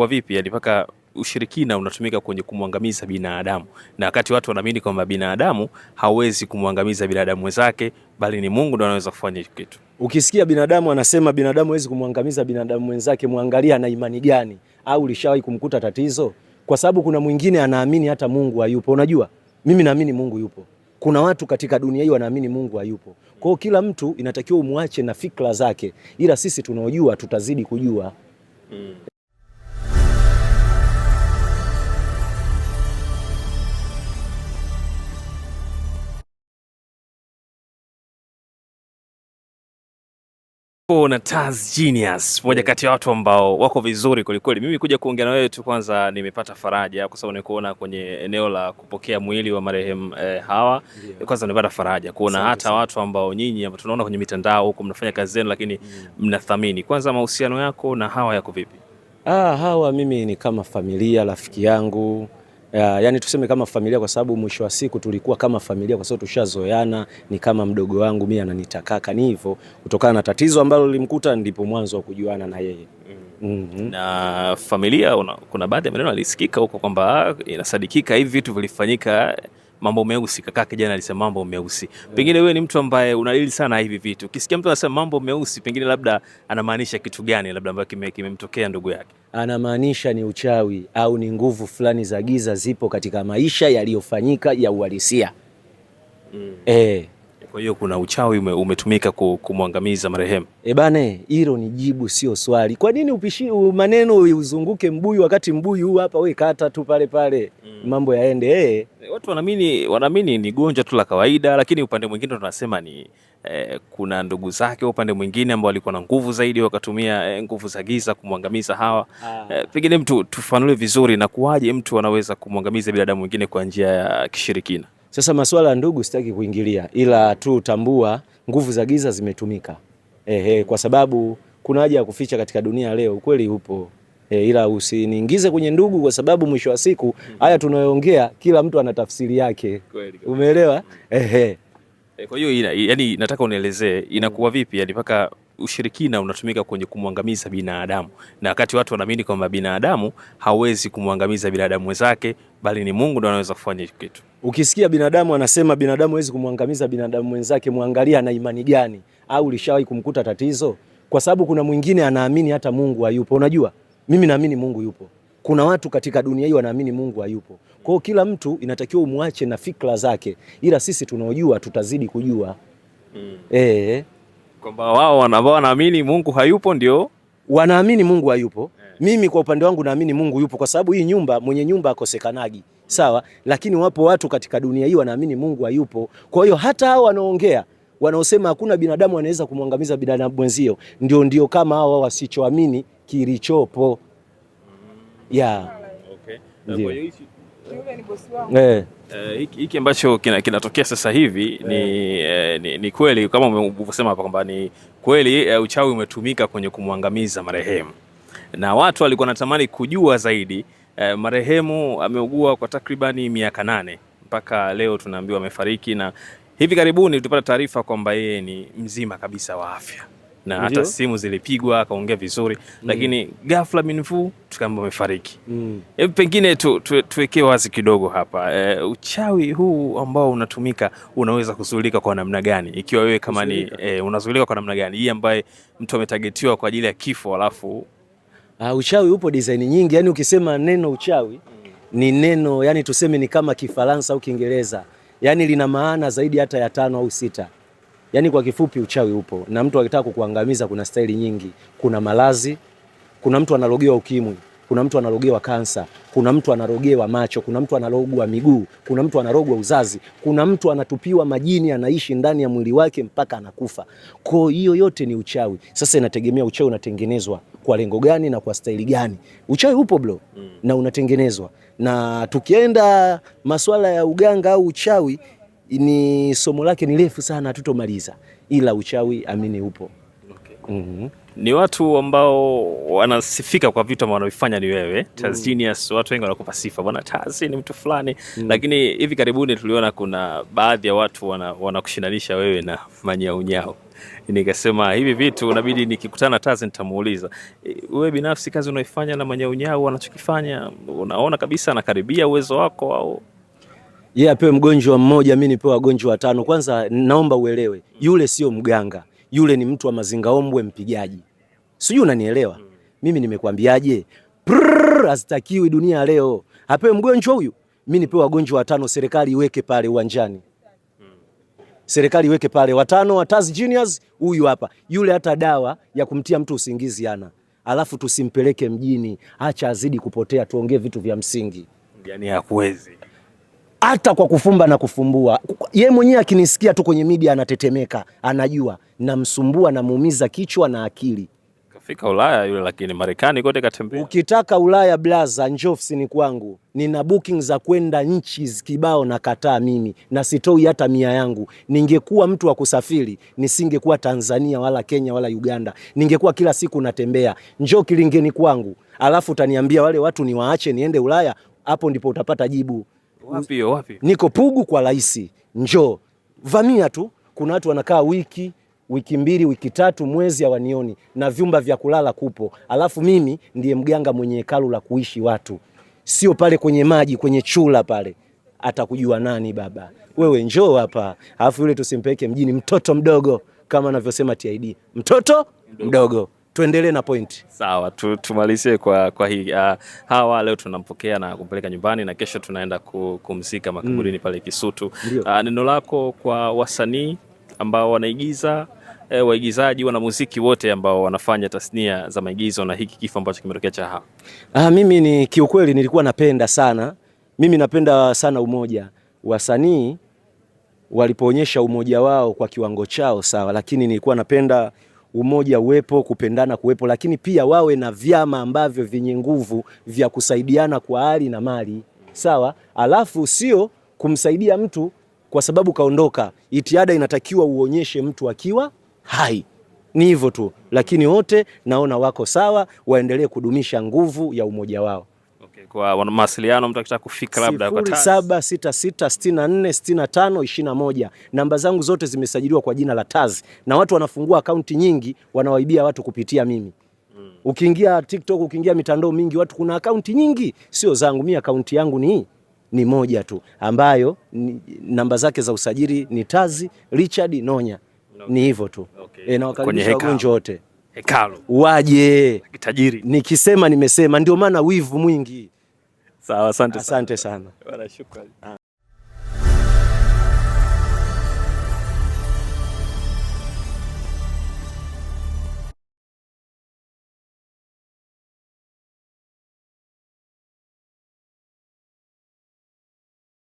Kwa vipi yani mpaka ushirikina unatumika kwenye kumwangamiza binadamu, na wakati watu wanaamini kwamba binadamu hawezi kumwangamiza binadamu wenzake bali ni Mungu ndo anaweza kufanya hicho kitu. Ukisikia binadamu anasema binadamu hawezi kumwangamiza binadamu wenzake mwangalia ana imani gani, au ulishawahi kumkuta tatizo? Kwa sababu kuna mwingine anaamini hata Mungu hayupo. Unajua, mimi naamini Mungu yupo. Kuna watu katika dunia hii wanaamini Mungu hayupo. Kwa hiyo kila mtu inatakiwa umwache na fikra zake, ila sisi tunaojua tutazidi kujua. Mm. na Taz Genius, mmoja kati ya watu ambao wako vizuri kwelikweli. Mimi kuja kuongea na wewe tu, kwanza nimepata faraja kwa sababu nikuona kwenye eneo la kupokea mwili wa marehemu eh, Hawa. Yeah. Kwanza nimepata faraja kuona hata sante, watu ambao nyinyi ambao tunaona kwenye mitandao huko mnafanya kazi zenu, lakini mm, mnathamini. Kwanza mahusiano yako na Hawa yako vipi? Ah, Hawa mimi ni kama familia, rafiki yangu ya, yani tuseme kama familia, kwa sababu mwisho wa siku tulikuwa kama familia, kwa sababu tushazoeana. Ni kama mdogo wangu mimi, ananitakaka ni hivyo. Kutokana na tatizo ambalo lilimkuta, ndipo mwanzo wa kujuana na yeye mm -hmm. na familia una, kuna baadhi ya maneno alisikika huko kwamba ah, inasadikika hivi vitu vilifanyika mambo meusi. Kaka kijana alisema mambo meusi, pengine wewe ni mtu ambaye unadili sana hivi vitu. Ukisikia mtu anasema mambo meusi, pengine labda anamaanisha kitu gani, labda ambayo kimemtokea kime ndugu yake, anamaanisha ni uchawi au ni nguvu fulani za giza zipo katika maisha yaliyofanyika ya uhalisia mm. eh kwa hiyo kuna uchawi umetumika kumwangamiza marehemu. E bane, hilo ni jibu, sio swali. Kwa nini upishi maneno uzunguke mbuyu wakati mbuyu hapa? We kata tu pale pale, mm. mambo yaende. E watu wanaamini wanaamini ni gonjwa tu la kawaida, lakini upande mwingine tunasema ni eh, kuna ndugu zake upande mwingine ambao walikuwa na nguvu zaidi wakatumia eh, nguvu za giza kumwangamiza hawa ah. Eh, pengine mtu tufanule vizuri na kuwaje mtu anaweza kumwangamiza binadamu mwingine kwa njia ya kishirikina. Sasa masuala ya ndugu sitaki kuingilia, ila tu tambua nguvu za giza zimetumika, ehe, kwa sababu kuna haja ya kuficha katika dunia leo, ukweli upo e, ila usiniingize kwenye ndugu, kwa sababu mwisho wa siku haya tunayoongea kila mtu ana tafsiri yake, umeelewa? Mm. Ehe. E, kwa hiyo yani, nataka unielezee inakuwa mm. vipi yani mpaka ushirikina unatumika kwenye kumwangamiza binadamu, na wakati watu wanaamini kwamba binadamu hawezi kumwangamiza binadamu wenzake bali ni Mungu ndo anaweza kufanya hicho kitu. Ukisikia binadamu anasema binadamu hawezi kumwangamiza binadamu wenzake mwangalia ana imani gani, au ulishawahi kumkuta tatizo, kwa sababu kuna mwingine anaamini hata Mungu hayupo. Unajua mimi naamini Mungu yupo. Kuna watu katika dunia hii wanaamini Mungu hayupo. Kwa hiyo kila mtu inatakiwa umwache na fikra zake, ila sisi tunaojua tutazidi kujua mm. E, kwamba wao ambao wanaamini Mungu hayupo ndio wanaamini Mungu hayupo yeah. Mimi kwa upande wangu naamini Mungu yupo, kwa sababu hii nyumba mwenye nyumba akosekanagi, sawa. Lakini wapo watu katika dunia hii wanaamini Mungu hayupo. Kwa hiyo hata hao wanaongea wanaosema hakuna binadamu anaweza kumwangamiza binadamu mwenzio, ndio ndio kama hao wasichoamini kilichopo ya eh. Eh, hiki, ambacho kinatokea sasa hivi ni, eh, eh ni, ni kweli kama ulivyosema hapa kwamba ni kweli eh, uchawi umetumika kwenye kumwangamiza marehemu, na watu walikuwa wanatamani kujua zaidi eh, marehemu ameugua kwa takribani miaka nane mpaka leo tunaambiwa amefariki, na hivi karibuni tulipata taarifa kwamba yeye ni mzima kabisa wa afya na Ndiyo. hata simu zilipigwa akaongea vizuri mm. lakini ghafla minfu tukaamba amefariki mm. E, pengine tu, tu, tuwekee wazi kidogo hapa e, uchawi huu ambao unatumika unaweza kuzuilika kwa namna gani ikiwa wewe kama ni e, unazuilika kwa namna gani hii ambaye mtu ametagetiwa kwa ajili ya kifo alafu Uh, uchawi upo design nyingi, yani ukisema neno uchawi ni neno yani tuseme ni kama Kifaransa au Kiingereza, yani lina maana zaidi hata ya tano au sita. Yaani kwa kifupi uchawi upo, na mtu akitaka kukuangamiza kuna staili nyingi. Kuna malazi, kuna mtu analogewa ukimwi, kuna mtu analogewa kansa, kuna mtu analogewa macho, kuna mtu analogwa miguu, kuna mtu analogwa uzazi, kuna mtu anatupiwa majini anaishi ndani ya mwili wake mpaka anakufa. Kwa hiyo yote ni uchawi. Sasa inategemea uchawi unatengenezwa kwa lengo gani na kwa staili gani. Uchawi upo bro, mm. na unatengenezwa. Na tukienda masuala ya uganga au uchawi ni somo lake ni refu sana, tutomaliza ila uchawi amini upo. Okay. mm -hmm. Ni watu ambao wanasifika kwa vitu ambavyo wanavifanya, ni wewe mm. Taz Genius. mm. Watu wengi wanakupa sifa, bwana Taz ni mtu fulani. mm. Lakini hivi karibuni tuliona kuna baadhi ya watu wanakushindanisha wana wewe na manyaunyao, nikasema hivi vitu inabidi nikikutana Taz nitamuuliza wewe binafsi, kazi unaifanya na manyaunyao wanachokifanya, unaona kabisa anakaribia uwezo wako au yeye yeah, apewe mgonjwa mmoja, mimi nipewe wagonjwa watano. Kwanza naomba uelewe, yule sio mganga, yule ni mtu wa mazinga ombwe, mpigaji. Sijui unanielewa hmm. mimi nimekwambiaje? Hazitakiwi dunia leo. Apewe mgonjwa huyu, mimi nipewe wagonjwa watano, serikali iweke pale uwanjani hmm. serikali iweke pale watano wa Taz Juniors, huyu hapa yule, hata dawa ya kumtia mtu usingizi ana, alafu tusimpeleke mjini, acha azidi kupotea, tuongee vitu vya msingi. Yani hakuwezi ya hata kwa kufumba na kufumbua. Ye mwenyewe akinisikia tu kwenye media anatetemeka, anajua namsumbua, namuumiza kichwa na akili. Kafika Ulaya yule, lakini Marekani kote katembea. Ukitaka Ulaya blaza, njoo ofisini kwangu, nina booking za kwenda nchi kibao na kataa mimi, na sitoi hata mia yangu. Ningekuwa mtu wa kusafiri, nisingekuwa Tanzania wala Kenya wala Uganda, ningekuwa kila siku natembea. Njoo kilingeni kwangu, alafu utaniambia wale watu niwaache niende Ulaya. Hapo ndipo utapata jibu wapi, wapi? Niko Pugu kwa rais, njoo vamia tu. Kuna watu wanakaa wiki wiki mbili wiki tatu mwezi hawanioni, na vyumba vya kulala kupo, alafu mimi ndiye mganga mwenye hekalu la kuishi watu, sio pale kwenye maji kwenye chula pale atakujua nani baba? Wewe njoo hapa. Alafu yule tusimpeke mjini, mtoto mdogo kama anavyosema TID, mtoto mdogo tuendelee na point. Sawa, tumalizie kwa, kwa hii uh, Hawa leo tunampokea na kumpeleka nyumbani na kesho tunaenda kumzika makaburini mm. pale Kisutu. Uh, neno lako kwa wasanii ambao wanaigiza E, waigizaji wana muziki wote ambao wanafanya tasnia za maigizo na hiki kifo ambacho kimetokea cha Hawa. Ah, mimi ni kiukweli nilikuwa napenda sana, mimi napenda sana umoja. Wasanii walipoonyesha umoja wao kwa kiwango chao sawa, lakini nilikuwa napenda umoja uwepo, kupendana kuwepo, lakini pia wawe na vyama ambavyo vyenye nguvu vya kusaidiana kwa hali na mali, sawa. Alafu sio kumsaidia mtu kwa sababu kaondoka. Itiada inatakiwa uonyeshe mtu akiwa hai. Ni hivyo tu, lakini wote naona wako sawa, waendelee kudumisha nguvu ya umoja wao kwa mawasiliano mtu akitaka kufika labda kwa 0766646521 namba zangu zote zimesajiliwa kwa jina la Taz, na watu wanafungua akaunti nyingi wanawaibia watu kupitia mimi mm. Ukiingia TikTok, ukiingia mitandao mingi, watu kuna akaunti nyingi, sio zangu mimi. Akaunti yangu ni ni moja tu ambayo ni, namba zake za usajili ni Tazi Richard Nonya. No. Ni hivyo tu okay. E, eh, na wakaribisha wagonjwa wote hekalu waje kitajiri. Nikisema nimesema, ndio maana wivu mwingi. Sawa, asante, asante sana, sana. Wala shukrani. Ah.